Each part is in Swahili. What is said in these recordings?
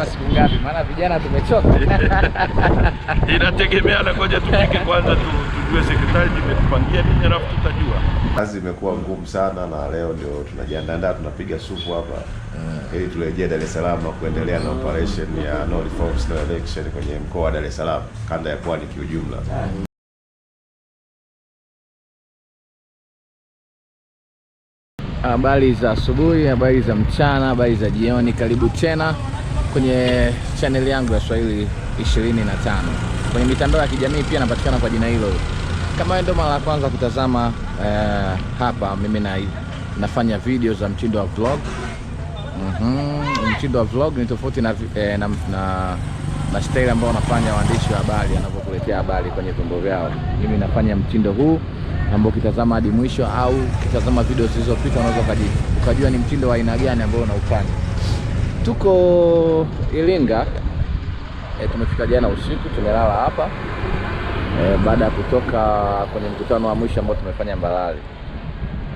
kwa siku ngapi? Maana vijana tumechoka. Inategemea na ngoja tufike kwanza tu, tujue sekretari imetupangia nini, alafu tutajua. Kazi imekuwa ngumu sana, na leo ndio tunajiandaa, tunapiga supu hapa eh. ili turejee Dar es Salaam na kuendelea na operation ya no reforms no election kwenye mkoa wa Dar es Salaam, kanda ya pwani kiujumla. Habari za asubuhi, habari za mchana, habari za jioni, karibu tena kwenye channel yangu ya Swahili 25. Kwenye mitandao ya kijamii pia napatikana kwa jina hilo. Kama wewe ndo mara ya kwanza kutazama eh, hapa mimi na, nafanya video za mtindo wa vlog. Mhm, mm, mtindo wa vlog ni tofauti na, eh, na, na na style ambao wanafanya waandishi wa habari wanapokuletea habari kwenye vyombo vyao. Mimi nafanya mtindo huu ambao ukitazama hadi mwisho au ukitazama video zilizopita unaweza ukajua ni mtindo wa aina gani ambao unaufanya. Tuko Iringa e, tumefika jana usiku, tumelala hapa e, baada ya kutoka kwenye mkutano wa mwisho ambao tumefanya Mbalali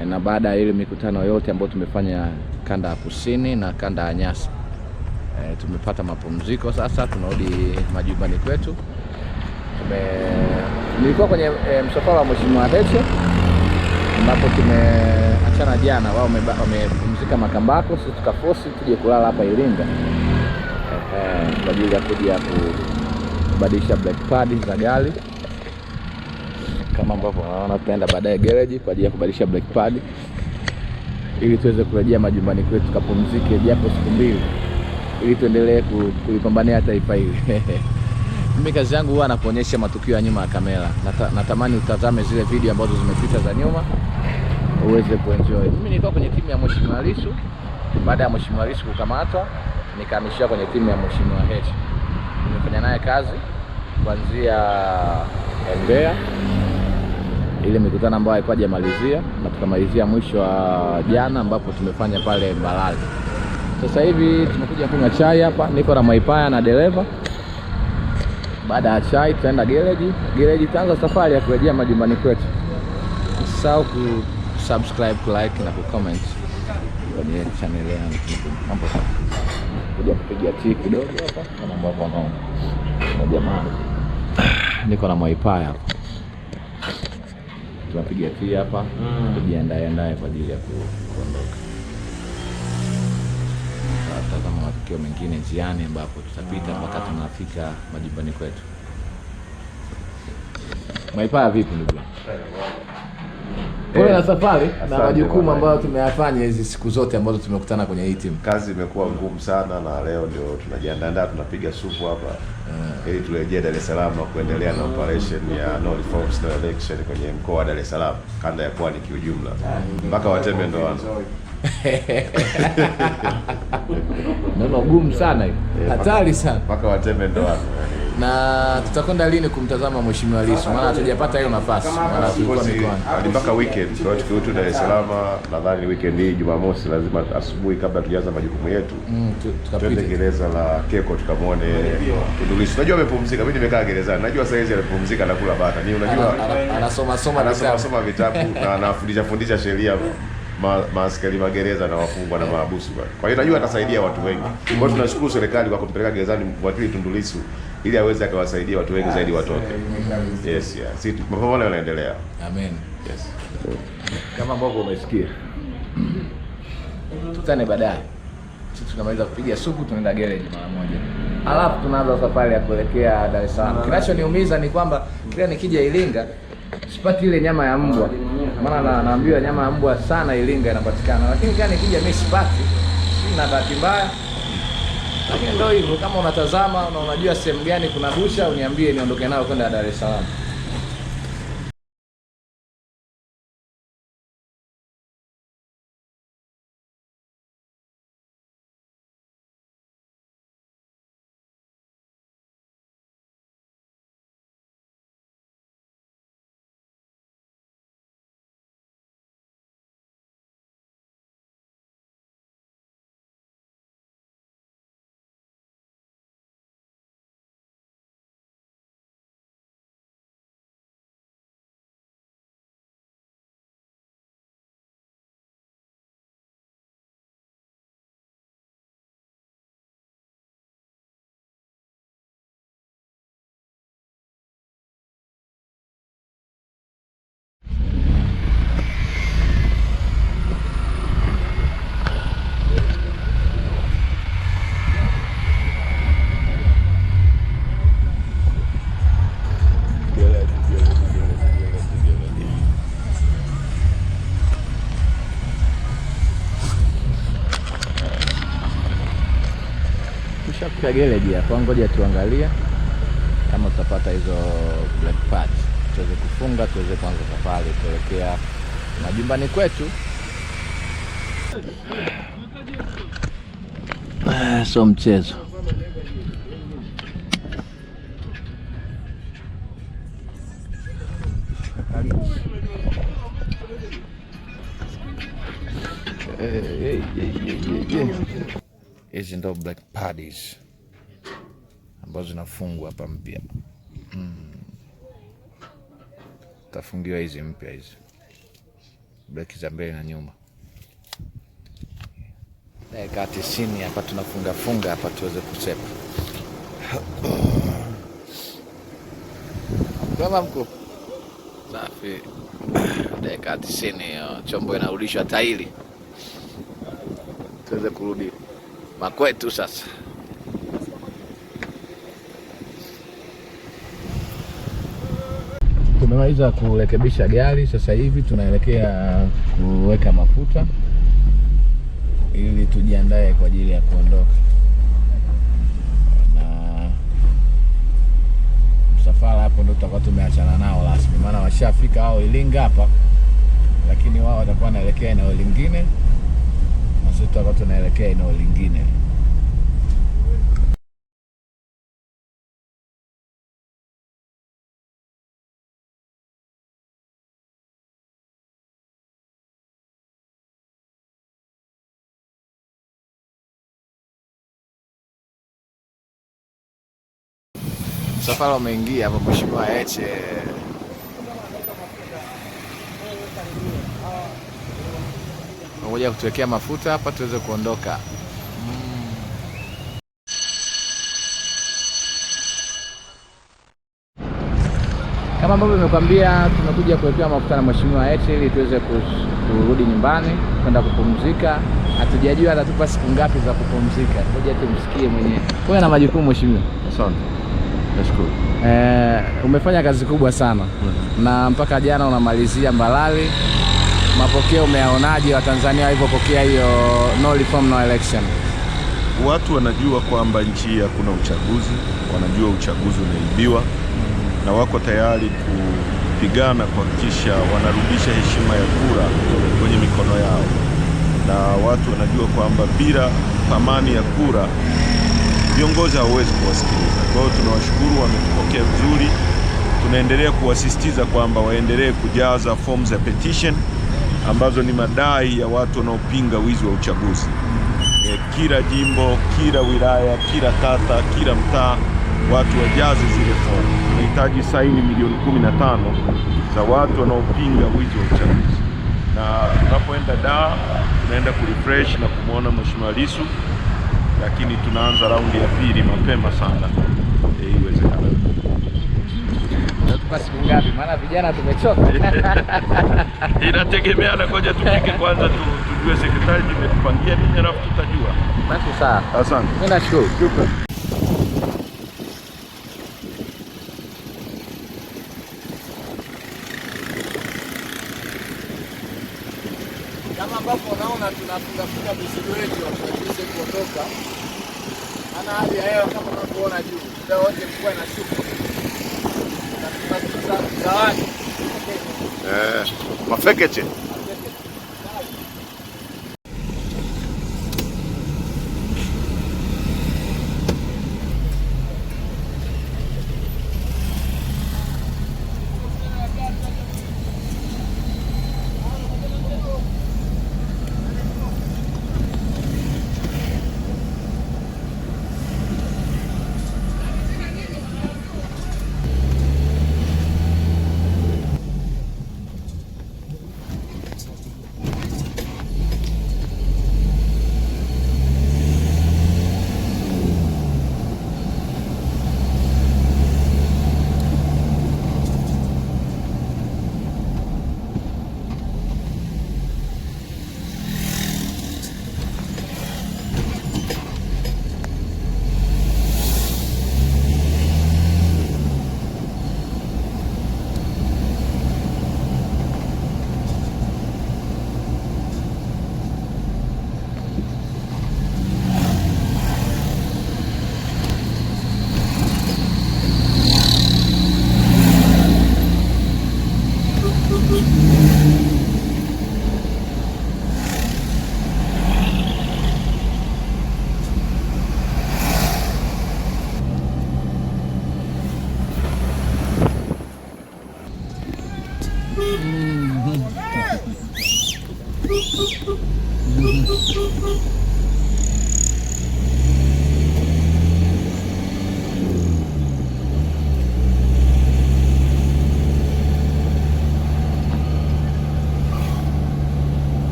e, eh, na baada ya ile mikutano yote ambayo tumefanya kanda ya kusini na kanda ya Nyasa e, tumepata mapumziko sasa, tunarudi majumbani kwetu. Tume nilikuwa kwenye e, msafara wa Mheshimiwa Heche ambapo tumeachana jana, wao wame tukafika Makambako, sisi tukafosi tuje kulala hapa Iringa kwa ajili ya kuja kubadilisha black pad za gari kama ambavyo unaona, tutaenda baadaye garage kwa ajili ya kubadilisha black pad ili tuweze kurejea majumbani kwetu tukapumzike japo siku mbili, ili tuendelee kulipambania taifa hili. Mimi kazi yangu huwa nakuonyesha matukio ya nyuma ya kamera. Nata, natamani utazame zile video ambazo zimepita za nyuma uweze kuenjoy. Mimi nilikuwa kwenye timu ya Mheshimiwa Lissu, baada ya Mheshimiwa Lissu kukamatwa nikahamishia kwenye timu ya Mheshimiwa Heche. Nimefanya naye kazi kuanzia Mbeya ile mikutano ambayo alikuwa hajamalizia na tukamalizia mwisho wa jana ambapo tumefanya pale Mbalali. Sasa hivi tumekuja kunywa chai hapa, niko na Mwaipaya na dereva. Baada ya chai tutaenda gereji. Gereji tutaanza safari ya kurejea majumbani kwetu. Usisahau ku kusubscribe, kulike na kucomment kwenye channel yangu. Mambo kuja kupiga tiki kidogo hapa, kama ambavyo naona na jamaa, niko na mwaipai hapa, tunapiga tiki hapa, mm. tujiandae ndaye kwa ajili ya kuondoka. Tutatazama matukio mengine njiani, ambapo tutapita mpaka tunafika majumbani kwetu. Mwaipai vipi ndugu? pole eh, na safari na majukumu ambayo tumeyafanya hizi siku zote ambazo tumekutana kwenye hii timu. Kazi imekuwa ngumu sana, na leo ndio tunajiandaa, tunapiga supu hapa eh. ili turejee Dar es Salaam na kuendelea na operation ya no reforms no election kwenye mkoa wa Dar es Salaam, kanda ya pwani kiujumla, ah, mpaka wateme wana neno gumu sana, eh, hatari sana, mpaka wateme wana na tutakwenda lini kumtazama Mheshimiwa Lissu? Maana hatujapata hiyo nafasi, maana tulikuwa mikoani hadi mpaka weekend. Kwa hiyo tukiwa Dar es Salaam, nadhani weekend hii Jumamosi lazima asubuhi, kabla tujaanza majukumu yetu, mm, tukapite gereza la Keko tukamwone Tundu Lissu. Unajua amepumzika, mimi nimekaa gerezani, najua saa hizi na kula bata ni, unajua anasoma soma anasoma soma vitabu na anafundisha fundisha sheria maaskari ma magereza na wafungwa na maabusu. Kwa hiyo najua atasaidia watu wengi. Kwa hiyo tunashukuru serikali kwa kumpeleka gerezani wakili Tundu Lissu ili aweze akawasaidia watu wengi zaidi watoke. Yes, yes. mapambano yanaendelea. Amen. Yes. Kama ambavyo umesikia. Tutane baadaye. Sisi tunamaliza kupiga supu tunaenda garage mara moja. Alafu tunaanza safari ya kuelekea Dar es Salaam. Kinachoniumiza ni kwamba kila nikija Ilinga sipati ile nyama ya mbwa. Maana na naambiwa nyama ya mbwa sana Ilinga inapatikana, lakini kila nikija mimi sipati. Sina bahati mbaya. Lakini ndio hivyo, kama unatazama na unajua sehemu gani kuna busha, uniambie niondoke nayo kwenda Dar es Salaam. Tushafika gereji hapa, ngoja tuangalie kama tutapata hizo black parts tuweze kufunga, tuweze kuanza safari kuelekea majumbani kwetu. Eh, so mchezo hizi ndo black pads ambazo zinafungwa hapa mpya mm. Tafungiwa hizi mpya hizi black za mbele na nyuma. Dakika tisini hapa tunafunga funga hapa tuweze kusepa. Kama mko safi, dakika tisini chombo inarudishwa tairi tuweze kurudi makwetu sasa. Tumemaliza kurekebisha gari, sasa hivi tunaelekea kuweka mafuta ili tujiandae kwa ajili ya kuondoka, na msafara hapo ndo tutakuwa tumeachana nao rasmi, maana washafika hao Ilinga hapa, lakini wao watakuwa wanaelekea eneo lingine. tuottavat näillä keinoilin kiinni. Sapalo mengia, bo musimy jecie ngoja kutuwekea mafuta hapa tuweze kuondoka. Hmm. Kama ambavyo nimekwambia, tumekuja kuwekewa mafuta na mheshimiwa eti ili tuweze kurudi nyumbani kwenda kupumzika. Hatujajua atatupa siku ngapi za kupumzika, ngoja tumsikie mwenyewe. Wewe na majukumu mheshimiwa. Asante. Nashukuru. Eh, umefanya kazi kubwa sana mm -hmm. na mpaka jana unamalizia Mbalali mapokeo umeyaonaje? Watanzania walivyopokea hiyo no reform no election? Watu wanajua kwamba nchi hii hakuna uchaguzi, wanajua uchaguzi umeibiwa na wako tayari kupigana kuhakikisha wanarudisha heshima ya kura kwenye mikono yao, na watu wanajua kwamba bila thamani ya kura viongozi hawawezi kuwasikiliza. Kwa hiyo tunawashukuru, wametupokea vizuri. Tunaendelea kuwasisitiza kwamba waendelee kujaza forms za petition ambazo ni madai ya watu wanaopinga wizi wa uchaguzi. E, kila jimbo, kila wilaya, kila kata, kila mtaa watu wajaze zile fomu. Tunahitaji saini milioni kumi na tano za watu wanaopinga wizi wa uchaguzi, na tunapoenda daa tunaenda kurefresh na kumwona Mheshimiwa Lissu, lakini tunaanza raundi ya pili mapema sana e, ngapi? Maana vijana tumechoka. Inategemea na ngoja tupike kwanza tu, tujue sekretari imetupangia nini alafu tutajua. Basi sawa. Asante. Mimi nashukuru. Shukrani. Kama ambapo unaona mizigo yetu tuweze kuondoka. Ana hali ya hewa kama ma fekete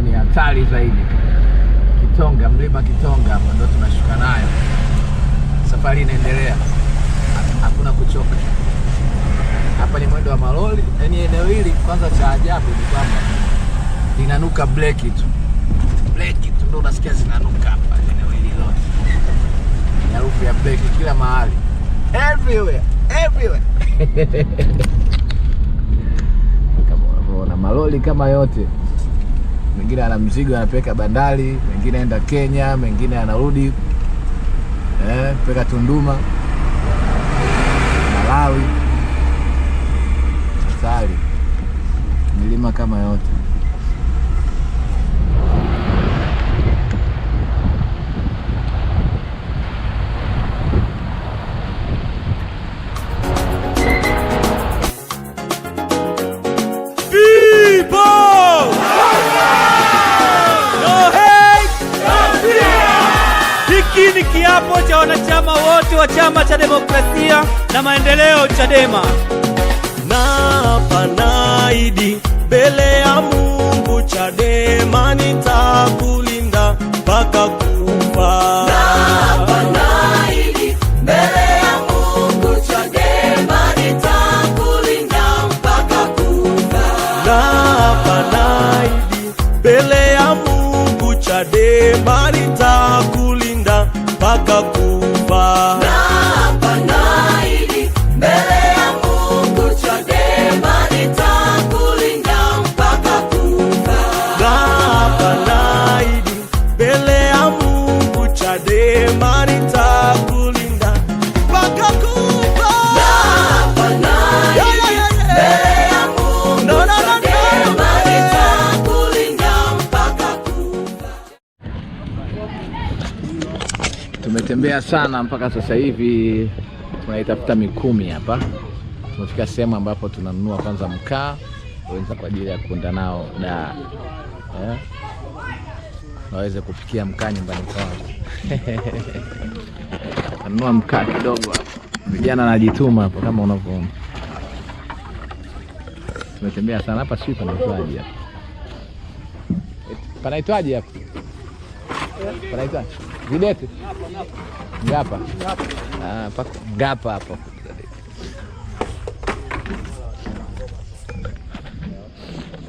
ni hatari zaidi, Kitonga, mlima Kitonga hapa ndio tunashuka nayo. Safari inaendelea, hakuna kuchoka. Hapa ni mwendo wa maloli Yaani eneo hili kwanza, cha ajabu ni kwamba linanuka breki tu, breki tu ndio unasikia zinanuka hapa eneo hili lote, harufu ya breki kila mahali, everywhere everywhere kama yote mengine ana mzigo anapeleka bandari, mengine aenda Kenya, mengine anarudi eh, peka Tunduma. Baba sana mpaka sasa hivi tunaitafuta Mikumi hapa. Tumefika sehemu ambapo tunanunua kwanza mkaa wenza kwa ajili ya kuenda nao da yeah. Waweze kupikia mkaa nyumbani kwao anunua mkaa kidogo Vijana anajituma hapo kama unavyoona, tumetembea sana hapa. Sijui panaitwaje hapa, eh, panaitwaje hapa, panaitwaje? Videpi? Gapa. Ah, pako gapa hapo.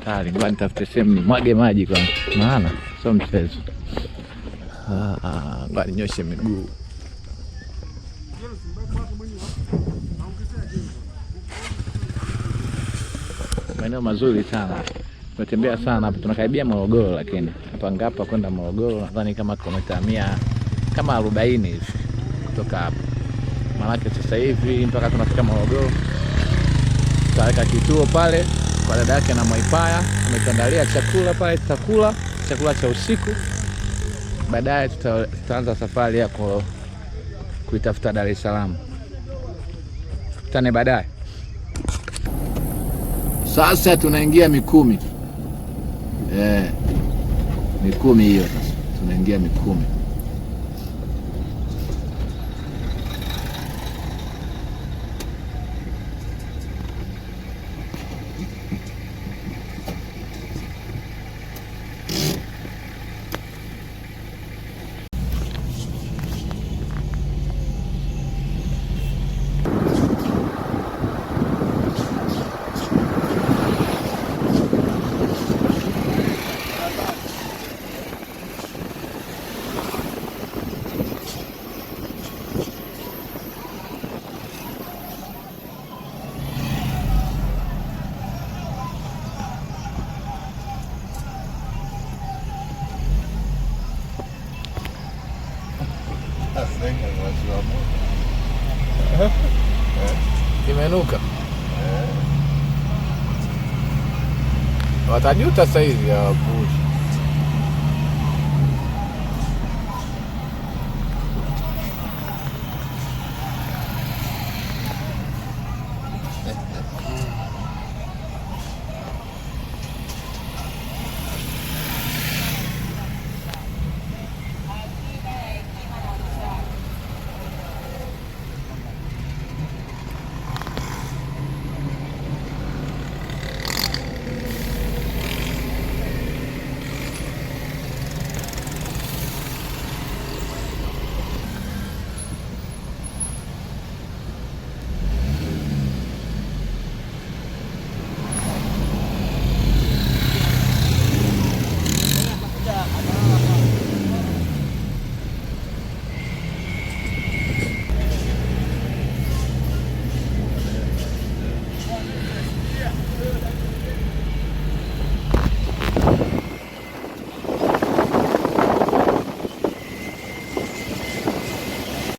Kali, ngoja nitafute sehemu mwage maji kwa Maana sio mchezo. Ah, ngoja ninyoshe miguu. Maeneo mazuri sana. Tumetembea sana hapa, tunakaribia Morogoro, lakini hapa Ngapa kwenda Morogoro nadhani kama kilomita kama 40 hivi kutoka hapa, maanake sasa hivi mpaka tunafika Morogoro. Tutaweka kituo pale kwa dada yake na Mwaipaya, ametuandalia chakula pale, tutakula chakula cha usiku. Baadaye tutaanza safari ya kuitafuta Dar es Salaam. Tukutane baadaye. Sasa tunaingia Mikumi eh, Mikumi hiyo sasa tunaingia Mikumi. Hatta new tasayir